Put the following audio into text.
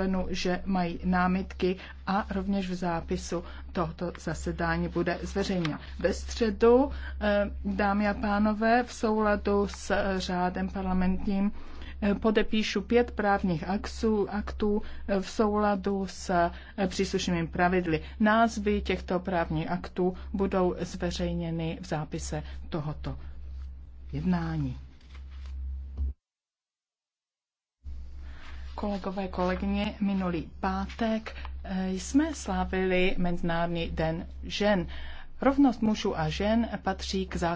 plénu, že mají námitky a rovněž v zápisu tohoto zasedání bude zveřejněno. Ve středu, eh, dámy a pánové, v souladu s eh, řádem parlamentním eh, podepíšu pět právních aktů, aktů v souladu s příslušnými pravidly. Názvy těchto právních aktů budou zveřejněny v zápise tohoto jednání. Kolegové, kolegyně, minulý pátek eh, jsme slavili Mezinárodní den žen. Rovnost mužů a žen patří k základům